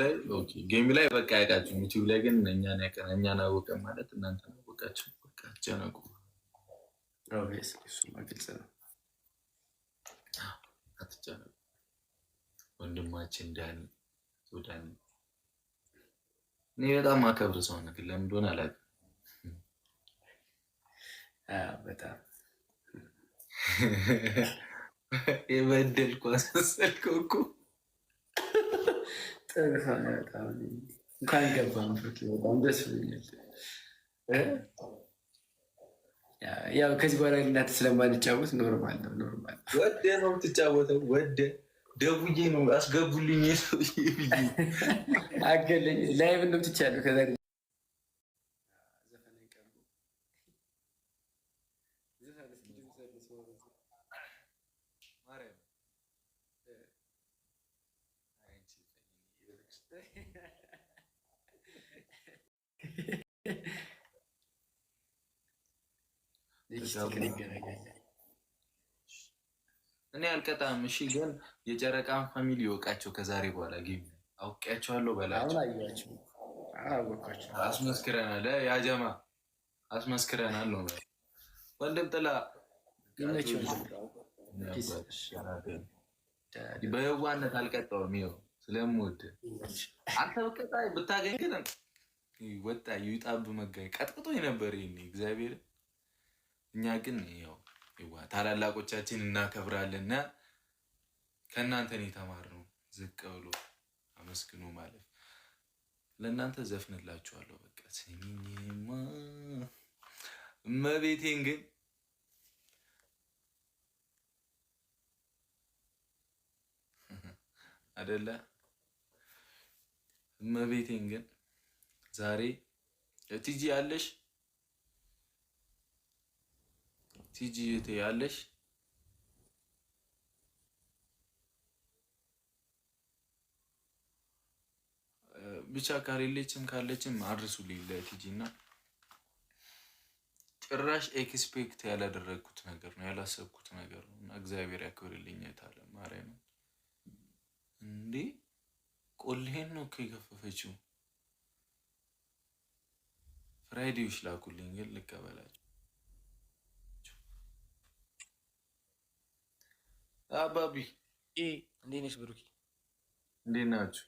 ላይ ጌም ላይ በቃ አያውቃችሁም። ዩቲዩብ ላይ ግን እኛን አወቀን ማለት እናንተ አወቃችሁ። በቃ ግልጽ ነው፣ አትጨነቁ። ወንድማችን ዳኒ ዳኒ እኔ በጣም አከብር ሰው ነው፣ ግን ለምን እንደሆነ አላውቅም። በጣም የበደልኩ አስመሰልከው እኮ ያው ከዚህ በኋላ እናንተ ስለማንጫወት ኖርማል ነው ኖርማል። ወደ ነው የምትጫወተው? ወደ ደውዬ ነው አስገቡልኝ። አገለኝ ላይቭ ነው ከዛ እኔ አልቀጣም። እሺ፣ ግን የጨረቃን ፋሚሊ ይወቃቸው። ከዛሬ በኋላ ግቢ አውቄያቸዋለሁ በላቸው። አስመስክረናል፣ ያጀማ አስመስክረናል ነው ወንድም ጥላ በየዋነት አልቀጣውም ይኸው ስለምወድ አንተ በቀጣይ ብታገኝ ግን ወጣ ይጣብ መጋኝ ቀጥቅጦ ነበር ይሄኔ እግዚአብሔር። እኛ ግን ያው ታላላቆቻችን እናከብራለንና ከእናንተን የተማርነው ዝቅ ብሎ አመስግኖ ማለት ለእናንተ ዘፍንላችኋለሁ። በቃ ስሚኝማ እመቤቴን ግን አደለ መቤቴን ግን ዛሬ ቲጂ ያለሽ ቲጂ እህቴ ያለሽ ብቻ ካሌለችም ካለችም አድርሱልኝ ለቲጂ እና ጭራሽ ኤክስፔክት ያላደረግኩት ነገር ነው ያላሰብኩት ነገር ነው እና እግዚአብሔር ያክብርልኝ። የታለ ማርያም እንዴ ቆልሄን ነው እኮ የገፈፈችው። ፍራይዴዎች ላኩልኝ ግን ልቀበላቸው። አባቢ እንዴት ነሽ? ብሩኪ እንዴት ናችሁ?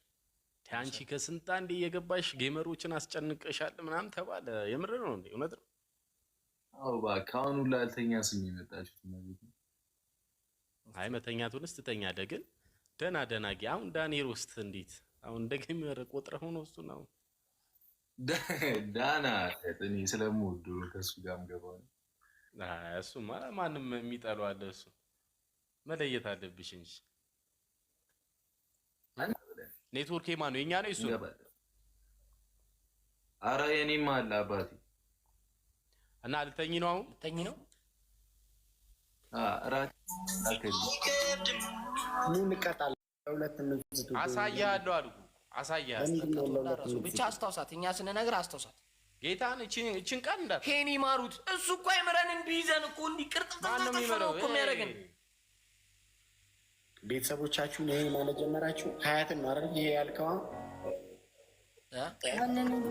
አንቺ ከስንት አንዴ እየገባሽ ጌመሮችን አስጨንቀሻል ምናምን ተባለ። የምር ነው እንዴ? እውነት ነው። አዎ እባክህ፣ አሁን ሁላ አልተኛ ስም የመጣችሁት አይ መተኛቱን ስትተኛለህ ደግን ደና ደህና አሁን ዳንኤል ውስጥ እንዴት አሁን እንደገና የሚመረ ቆጥረው ነው እሱ ነው ዳና እኔ ስለምወዱ ከእሱ ጋር የምገባው እሱ ማንም የሚጠሉ አለ። እሱ መለየት አለብሽ እንጂ ኔትወርክ የማን ነው? የኛ ነው እሱ። አረ የኔም አለ አባቴ። እና ልተኝ ነው አሁን ልተኝ ነው ምን እንቀጣለን? አሳያለሁ አሉ። አሳያለሁ ብቻ አስታውሳት። እኛ ስንነግር አስታውሳት። ጌታን እችን ቀን እንዳ ሄን ይማሩት። እሱ እኮ አይምረን እንዲይዘን እኮ እንዲቅርጥጠጠጠፈነው እኮ የሚያደርገን ቤተሰቦቻችሁን ይሄን ማለት ጀመራችሁ። ሀያትን ማረ ይሄ ያልከዋ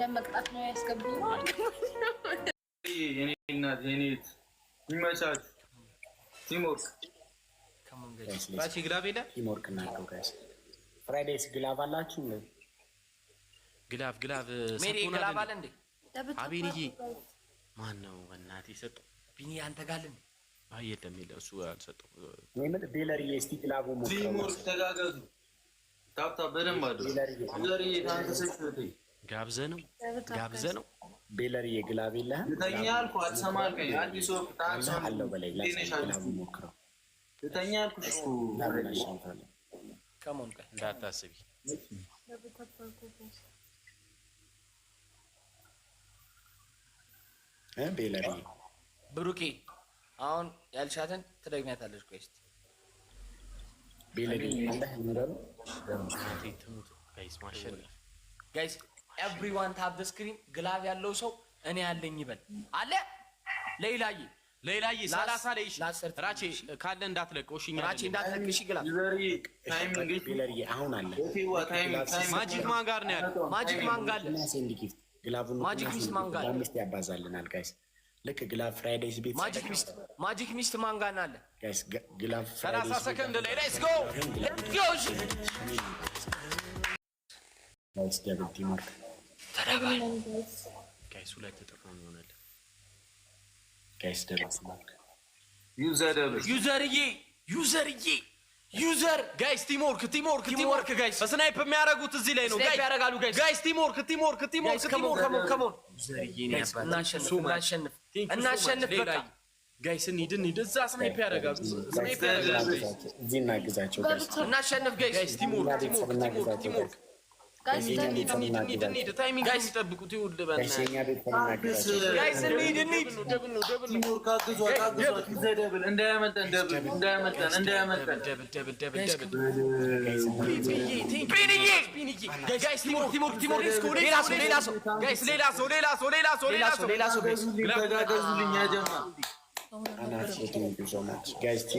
ለመቅጣት ነው ያስገቡ ይመቻችሁ ሲሞቅ ራሴ የለ ቲምወርክ እናድርገው ጋይስ። ፍራይዴይስ አላችሁ እንዴ? አለ እንዴ? አቤንዬ ማን ነው እናቴ የሰጠው? ቢኒ አንተ ጋር አለ አይ የለም የለም፣ እሱ ምን ቤለርዬ፣ ቲምወርክ ተጋገዙ። ታብታ በደንብ ቤለርዬ e e ታንተ ሰጥቶት ጋብዘ ነው ጋብዘ ነው ቤለርዬ፣ e የለህም? ተኛ አልኩህ አትሰማልከኝ። አዲስ ወቅት አለው በላይ ላይ ሞክረው ልተኛ አልኩሽ እንዳታስቢ። ብሩኬ አሁን ያልሻትን ትደግሚያታለሽ። ቆይ እስኪ ጋይስ ኤቭሪዋን ታብ ስክሪን ግላብ ያለው ሰው እኔ ያለኝ ይበል አለ ለይላዬ ሌላዬ ሰላሳ ላይ ራቼ ካለ እንዳትለቅ ኦሽኛ ራቼ እንዳትለቅ። እሺ ግላ አሁን አለ ማጂክ ማን ጋር ነው ያለው? ማጂክ ማን ጋር አለ? ማጂክ ሚስት ማን ጋር አለ? ያባዛልናል ጋይስ። ልክ ግላቭ ፍራይዴይስ ቤት ማጂክ ሚስት ማጂክ ሚስት ማን ጋር አለ? ጋይስ ግላቭ ፍራይዴይስ 30 ሰከንድ ላይ ሌትስ ጎ ሌትስ ጎ እሺ ጋይስ ደብል ቲም ወርክ ጋይስ ሁለት ተጠቅሞ ነው ይሆናል ዩዘርዬ ዩዘርዬ ዩዘር ጋይስ ቲሞርክ ቲሞርክ ቲሞርክ ጋይስ በስናይፕ የሚያደርጉት እዚህ ላይ ነው። ጋይስ ያደርጋሉ። ጋይስ ጋይስ ቲምወርክ ቲምወርክ ቲምወርክ ቲምወርክ ከሞን ከሞን እናሸንፍ እናሸንፍ። በቃ ጋይስ እንሂድ እንሂድ። እዛ ስናይፕ ያደርጋሉ። ስናይፕ እናሸንፍ። ጋይስ ቲሞርክ ቲሞርክ ቲሞርክ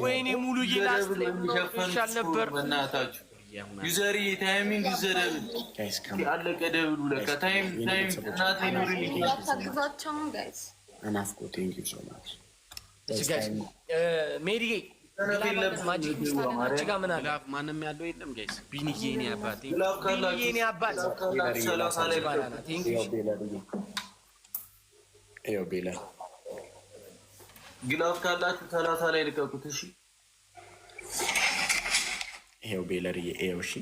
ወይኔ ሙሉ ይላስ ሸፈን ነበር በእናታችሁ ዩዘርዬ ታይሚንግ ይዘረብ ያለቀ ደብሉ ለካ ታይም ታይም እናቴ ኑሪ ያታግዛቸውን ጋይስ አናፍቆ ቴንክ ዩ ሶ ማች እሺ ጋይስ ሜሪ ማንም ያለው የለም ጋይስ ቢኒዬ የእኔ አባት ቢኒዬ የእኔ አባት ይኸው ቤላ ግላፍ ካላችሁ ሰላሳ ላይ ልቀቁት እሺ ይሄው ቤለርዬ ይሄው። እሺ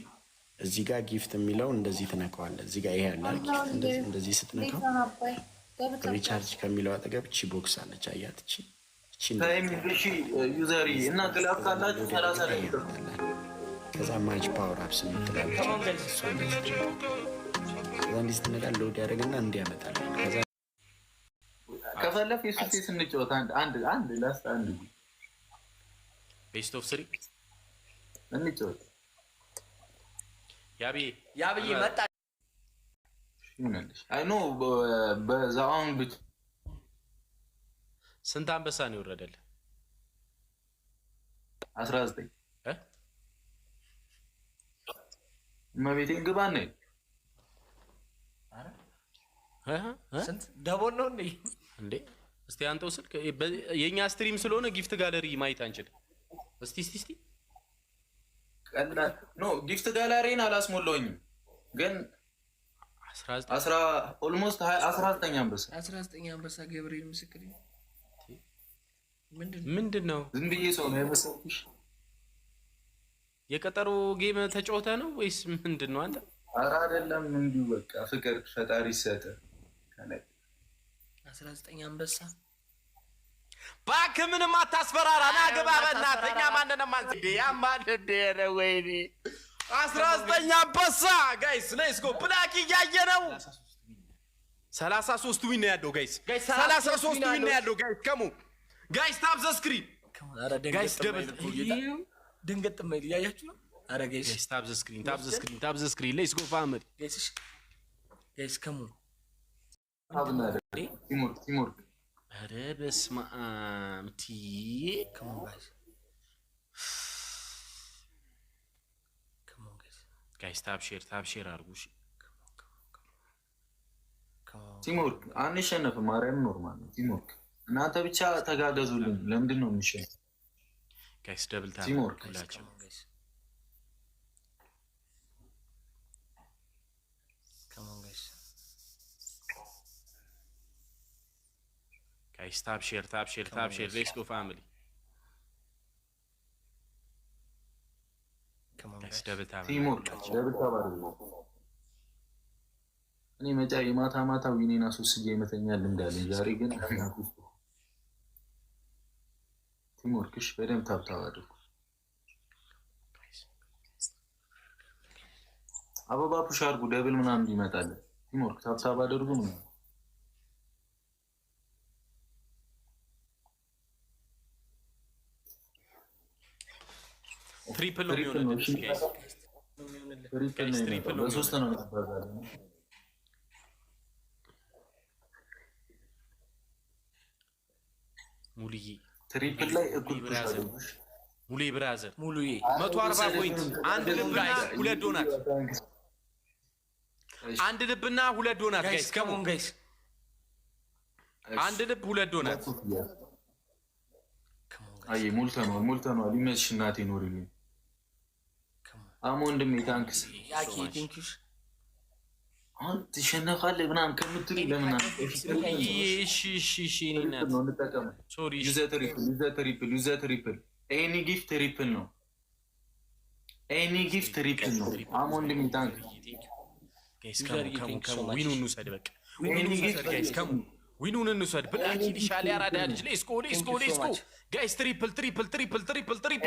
እዚህ ጋር ጊፍት የሚለው እንደዚህ ትነካዋለህ። እዚህ ጋር ይሄ ያለ ጊፍት እንደዚህ ስትነካው ሪቻርጅ ከሚለው አጠገብ እቺ ቦክስ አለች። አያት እቺ ዩዘሪ እና ግላፍ ካላችሁ ሰላሳ ከዛ ማጅ ፓወር አፕስ የምትላለች ከዛ እንዲህ ስትነቃ ሎድ ያደርግና እንዲህ ያመጣል። ከዛ ከፈለፍ የሱ ስንጫወት አንድ አንድ ላስት አንድ ቤስት ኦፍ ስሪ እንጫወት። ያብዬ ያብዬ መጣ አይ ኖ በዛውን ስንት አንበሳ ነው ይወረደል? እመቤቴን ግባ ነው እንዴ? እንዴ እስቲ አንተው ስልክ የእኛ ስትሪም ስለሆነ ጊፍት ጋለሪ ማየት አንችልም። እስቲ እስቲ እስቲ ኖ ጊፍት ጋላሪን አላስሞላውኝም ግን ኦልሞስት አስራ ዘጠኝ አንበሳ አስራ ዘጠኝ አንበሳ ገብርኤል ምስክር ምንድን ነው? ዝም ብዬ ሰው ነው የመሰልኩሽ። የቀጠሮ ጌም ተጫወተ ነው ወይስ ምንድን ነው አንተ? ኧረ አይደለም፣ እንዲሁ በቃ ፍቅር ፈጣሪ ሰጠ። አስራ ዘጠኝ አንበሳ እባክህ ምንም ና አግባ በእናትህ እኛ ማንንም አንተ ያማደደ ነው። ወይኔ አስራ ዘጠኝ አንበሳ ጋይስ ሌትስ ጎ ብላክ እያየ ነው። ሰላሳ ሶስት ዊን ነው ያለው ጋይስ፣ ሰላሳ ሶስት ዊን ነው ያለው ጋይስ። ከሙ ጋይስ ታብ ዘ ስክሪን ጋይስ፣ ደብል ድንገት ጥመድ እያያችሁ ነው። አረ ጋይስ ታብ ዘ ስክሪን፣ ታብ ዘ ስክሪን፣ ታብ ዘ ስክሪን። ሌትስ ጎ ፋሚሊ ጋይስ፣ ከሙ ታብ ኧረ በስመ አብ እትዬ ጋይስ ታብሼር ታብሼር አድርጉ። ቲሞርክ አንሸነፍም። ማርያም ኖርማል ነው። ቲሞርክ እናንተ ብቻ ተጋገዙልን። ለምንድን ነው የሚሸነፍ? ጋይስ ደብል ታብላቸው Guys, tab share, tab share, Come tab on, share. Let's እኔ መጫ የማታ ማታ ዊኔና ሶስት ጊዜ ይመተኛል እንዳለኝ ዛሬ ግን ቲሞርክሽ በደንብ ታብታብ አድርጉ። አበባ ፑሽ አድርጉ። ደብል ምናምን ይመጣለን። ቲሞርክ ታብታብ አድርጉ ነው Triple omiune de chestii. Mulii. Triple Mulii brează. Mulii brează. Mulii. Mă tu Ande de bina, hule donat. Ande de bina, hule donat, Ande de bule donat. Aie, multă nu, multă nu, alimezi și nati nu rilin. አሞ ወንድሜ ታንክስ። ያኪ ቴንኪሽ። አሁን ትሸነፋለህ ምናምን ከምትሉ ኤኒ ጊፍት ትሪፕል ነው። ኤኒ ጊፍት ትሪፕል ነው። አሞ ወንድሜ ታንክ ዊኑን እንውሰድ። ብላኪ ሻሊ አራዳ ልጅ ላይ ስኮ ስኮ ስኮ ጋይስ ትሪፕል ትሪፕል ትሪፕል ትሪፕል